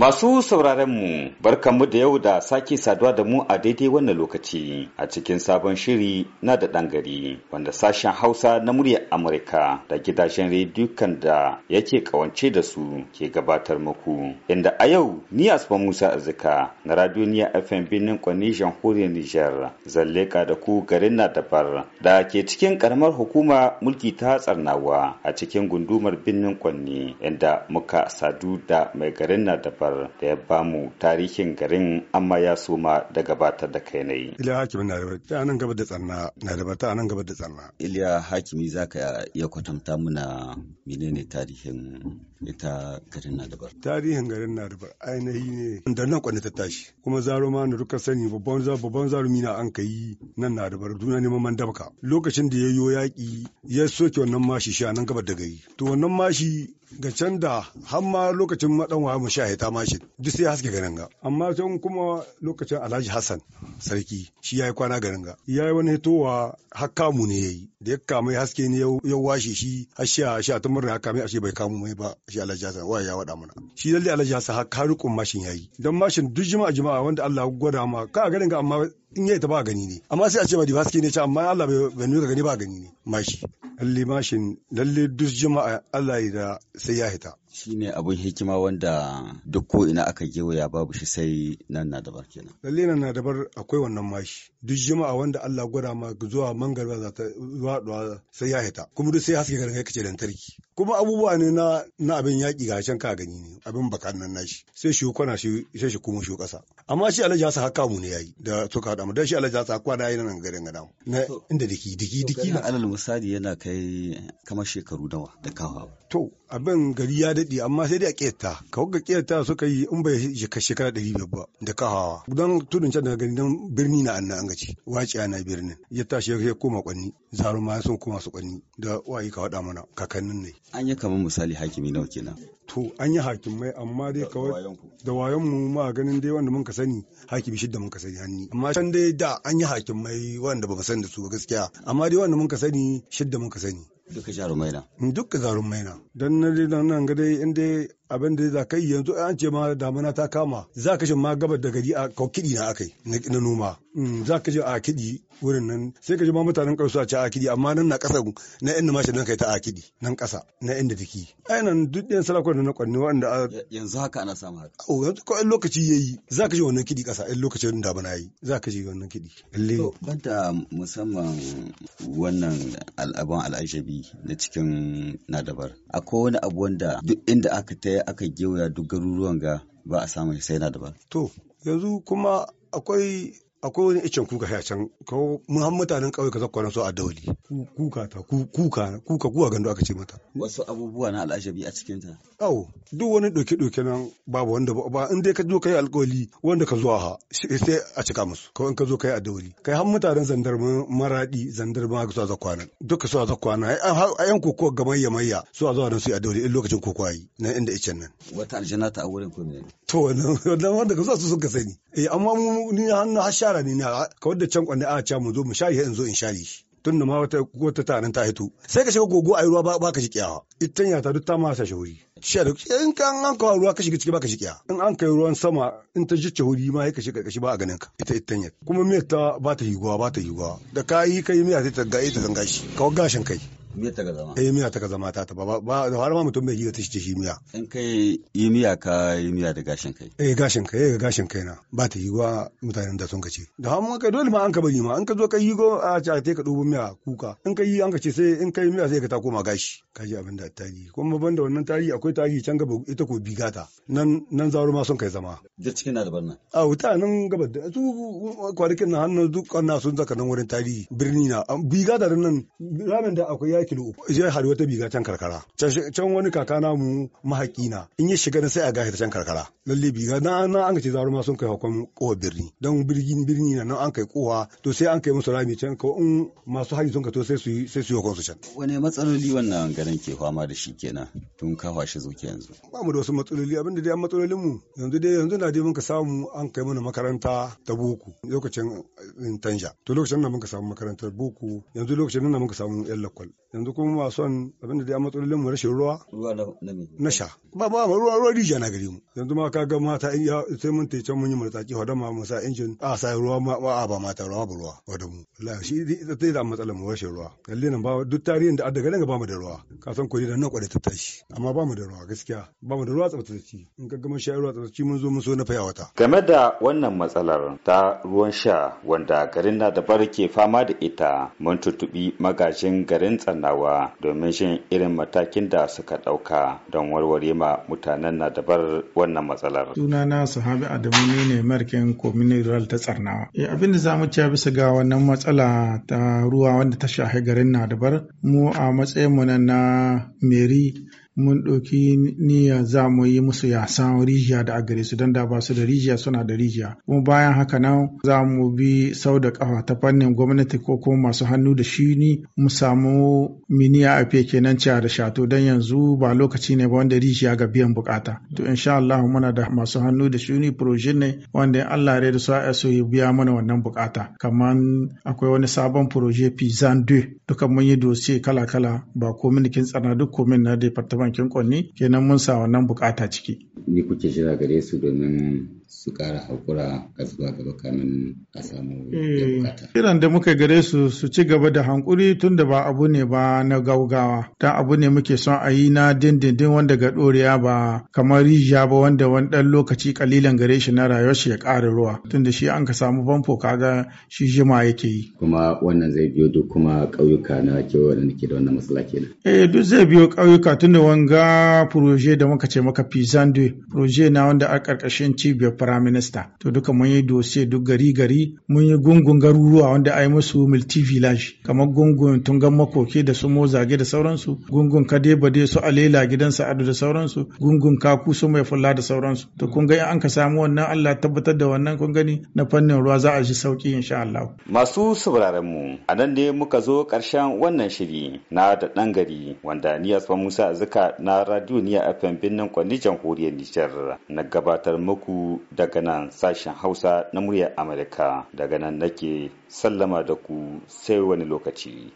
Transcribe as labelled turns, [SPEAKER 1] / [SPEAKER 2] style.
[SPEAKER 1] Masu sauraron mu mu da yau da sake saduwa da mu a daidai wannan lokaci a cikin sabon shiri na da ɗan gari wanda sashen Hausa na muryar Amurka da gidajen rediyon da yake kawance da su ke gabatar muku. Inda a yau ni Asma Musa Azika na Radoniya FM Benin Kwani Jamhuriyar Nijar ka da ku garin na dabar da ke cikin karamar hukuma mulki ta tsarnawa a cikin gundumar Benin Kwani inda muka sadu da mai garin na dabar Umar da ya mu tarihin garin amma ya suma da gabatar da kai nayi.
[SPEAKER 2] Iliya Hakimi na da ta nan gaba da tsanna na da ta nan gaba da tsanna. Iliya Hakimi zaka iya kwatanta muna menene tarihin ita garin na dabar. Tarihin garin na dabar ainihi ne da nan kwanne ta tashi kuma zaro ma na duka sani babban zaro babban zaro mina an kai nan dabar duna ne man dabka lokacin da ya yayyo yaƙi ya soke wannan mashi shi a nan gabar da gari to wannan mashi ga can da har ma lokacin madanwa mu sha ta mashi duk sai haske garin ga amma can kuma lokacin Alhaji Hassan sarki shi yayi kwana garin ga yayi wani hitowa har kamu ne yayi da ya kama haske ne ya washe shi har sha sha ta murna mai ashe bai kamu mai ba shi alhaji hassan waya ya wada mana shi lalle alhaji hassan har karukun mashin yayi dan mashin duk jima'a jima'a wanda Allah ya gwada ma ka garin ga amma in ya ita ba gani ne amma sai a ce ba dibaski ne ce amma Allah bai nuna gani ba gani ne mashi lalle mashin lalle duk jima'a Allah ya da sai ya hita
[SPEAKER 1] shine abun hikima wanda duk ko ina aka waya babu shi sai nan na dabar kenan
[SPEAKER 2] lalle nan na dabar akwai wannan mashi duk jima'a wanda Allah gwada ma zuwa mangarba za ta zuwa sai ya hita kuma duk sai haske garin kai kace lantarki kuma abubuwa ne na na abin yaki ga can ka gani ne abin bakan nan nashi sai shi kwana shi sai shi kuma shi kasa amma shi ya sa haka mu ne yayi da tuka mu don shi ya ta kwana yana nan garin ga na inda diki diki diki na alal misali yana kai kamar shekaru nawa da kawa to abin gari ya dade amma sai dai a kiyata ka ga kiyata suka yi in bai shekara 500 ba da kawawa don tudun can daga gari nan birni na annan an gaci waci ana birnin ya tashi ya koma kwanni zaru ma sun koma su kwanni da wayi ka faɗa mana kakannin ne an yi kamar misali hakimi nawa kenan to an yi hakimai amma dai kawai da wayon mu ma ganin dai wanda mun ka sani hakimi shidda mun ka sani hanni amma can dai da an yi hakimai wanda ba mu san da su gaskiya amma dai wanda mun ka sani shidda mun ka sani duka jarumai na duka jarumai na don na dai nan ga dai in dai abin da za ka yi yanzu an ce ma damana ta kama za ka ma gabar da gari a kiɗi na akai na noma mm, za ka a kiɗi wurin nan sai ka ma mutanen ƙarsu a ci a kiɗi amma nan na ƙasa na inda mashi nan kai ta a kiɗi nan ƙasa na inda take ai nan duk ɗan sarakuna da na kwanne wanda yanzu haka ana samu haka o yanzu ko lokaci yayi za ka ji wannan kiɗi ƙasa in lokacin damana yayi za ka ji wannan kiɗi banta musamman wannan al'aban al'ajabi na cikin
[SPEAKER 1] nadabar akwai wani abu wanda duk inda aka ta ɗaya aka gewaya duk garuruwan ga ba
[SPEAKER 2] a samun sai na da ba. To yanzu kuma akwai akwai wani icen kuka ya can ko muhan mutanen ka kaza kwanan so a dauli kuka ta kuka kuka kuwa gando aka ce mata
[SPEAKER 1] wasu abubuwa na al'ajabi a cikin ta
[SPEAKER 2] aw duk wani doke doke nan babu wanda ba in dai ka zo kai alƙawali wanda ka zo ha sai a cika musu ko in ka zo kai a dauli kai har mutanen zandar maradi zandar ma su za kwana duka su za kwana a yan koko gamayya mayya su a zuwa nan su a dauli in lokacin koko ayi nan inda icen nan wata aljanna ta a wurin ko ne to wannan wanda ka zo su suka sani eh amma mu ni hannu hasha yara ne na ka wadda can kwanne a ca mu zo mu share yanzu in share tun da ma wata wata tarin ta hito sai ka shiga gogo a ruwa ba ka shiƙiyawa ita ya ta duk ta masa shahuri sha da in ka an kawo ruwa ka shiga ciki ba ka shiƙiya in an kai ruwan sama in ta ji wuri ma ya ka shiga kashi ba a ganin ka ita ita ya kuma miyar ta ba ta higuwa ba ta higuwa da ka yi kai miya sai ta ga ita zanga shi ka gashin kai miya ta zama eh miya ta zama ta ta ba ba da har ma mutum bai yi ta shi miya in kai yi miya ka yi miya da gashin kai eh gashin kai eh gashin kai na ba ta yiwa mutanen da sun kace da har mun kai dole ma an ka bari ma an ka zo kai yi go a ci ta ka dubo miya kuka in ka yi an ka ce sai in ka yi miya sai ka ta koma gashi Ka ji abin da ta yi kuma banda wannan tarihi akwai tarihi can gaba ita ko biga ta. nan nan zaro ma sun kai zama
[SPEAKER 1] da cikin na da barna.
[SPEAKER 2] a wuta nan gaba da su kwarikin na hannun duk kan na sun zaka nan wurin tarihi birni na biga da nan ramen da akwai ya kilo ya hari wata biga can karkara can wani kaka namu mahaƙi na in ya shiga na sai a gashi ta can karkara lalle biga na na an ce ma sun kai hakon kowa birni dan birgin birni na nan an kai kowa to sai an kai musu rami can ko in masu haji sun ka to sai su sai su hakon su can wane matsaloli wannan garin ke fama da shi kenan
[SPEAKER 1] tun kafa shi zuke
[SPEAKER 2] yanzu ba mu da wasu matsaloli abinda dai an matsalolin mu yanzu dai yanzu na dai mun ka samu an kai mana makaranta ta boko lokacin eh, tanja to lokacin nan mun ka samu makarantar boko yanzu lokacin nan mun ka samu yan lakwal yanzu kuma ma son abinda da ya matsalolin mu rashin ruwa na sha ba ba mu ruwa ruwa rijiya na gari mu yanzu ma ka ga mata in ya sai mun tace mun yi murtaki hoda ma mu sa injin a sa ruwa ma a ba mata ruwa ba ruwa hoda mu wallahi shi zai ta da matsalar mu rashin ruwa lalle nan ba duk tarihin da daga nan ba mu da ruwa ka san koyi da nan kwade ta tashi amma ba mu da ruwa gaskiya ba mu da ruwa tsabtacci in ka ga mun sha ruwa tsabtacci mun zo mun so na faya wata
[SPEAKER 1] game da wannan matsalar ta ruwan sha wanda garin na da ke fama da ita mun tutubi magajin garin tsan nawa domin shin irin matakin da suka ɗauka don warware ma mutanen na dabar wannan matsalar.
[SPEAKER 3] Sunana Sahabi Adamu ne ne markin Komini ta Tsarnawa. E, abin da za mu ciya bisa ga wannan matsala ta ruwa wanda ta shahi garin na dabar mu a matsayin mu na meri mun ɗauki niyya za mu yi musu yasan rijiya da a gare su don da ba su da rijiya suna da rijiya kuma bayan haka na za mu bi sau da ƙafa ta fannin gwamnati ko kuma masu hannu da shi ni mu samu miniya a fiye kenan ciya da shato don yanzu ba lokaci ne ba wanda rijiya ga biyan bukata to insha Allah muna da masu hannu da shi ni projin ne wanda Allah ya da a so ya biya mana wannan bukata kamar akwai wani sabon proje Pizan 2 duka mun yi dosiye kala-kala ba komin kin tsana duk komin na departament wankin kwanni kenan mun sa wannan bukata ciki
[SPEAKER 1] ni kuke shirya gare su domin su ƙara haƙura a zuwa gaba kamin a
[SPEAKER 3] samu hmm. bukata. Kiran da muka gare su su ci gaba da hankuri tun da ba abu ne ba na gaugawa, don abu ne muke son a yi na dindindin wanda ga ɗoriya ba kamar rijiya ba wanda wani ɗan lokaci kalilan gare shi na rayuwar shi ya ƙara ruwa, tun da shi an ka samu famfo kaga shi jima yake yi.
[SPEAKER 1] Kuma wannan zai biyo duk kuma ƙauyuka na kewa da nake da wannan matsala kenan.
[SPEAKER 3] Eh duk zai biyo ƙauyuka tun da wanga proje da muka ce maka Pizandue proje na wanda a ƙarƙashin cibiyar firaminista to duka mun yi dosiye duk gari gari mun yi gungun garuruwa wanda a yi musu multi village kamar gungun tungan makoki da su zage da sauransu gungun kadebade su alela gidan sa'adu da sauransu gungun kaku su mai fulla da sauransu to kun ga an ka samu wannan Allah tabbatar da wannan kun gani na fannin ruwa za a ji sauki insha Allah
[SPEAKER 1] masu sauraron mu a nan ne muka zo karshen wannan shiri na da ɗan gari wanda ni Musa Zuka na Radio Niya FM birnin Kwani jamhuriyar Nijar Nijar na gabatar muku daga nan sashen Hausa na muryar Amurka daga nan nake sallama da ku sai wani lokaci.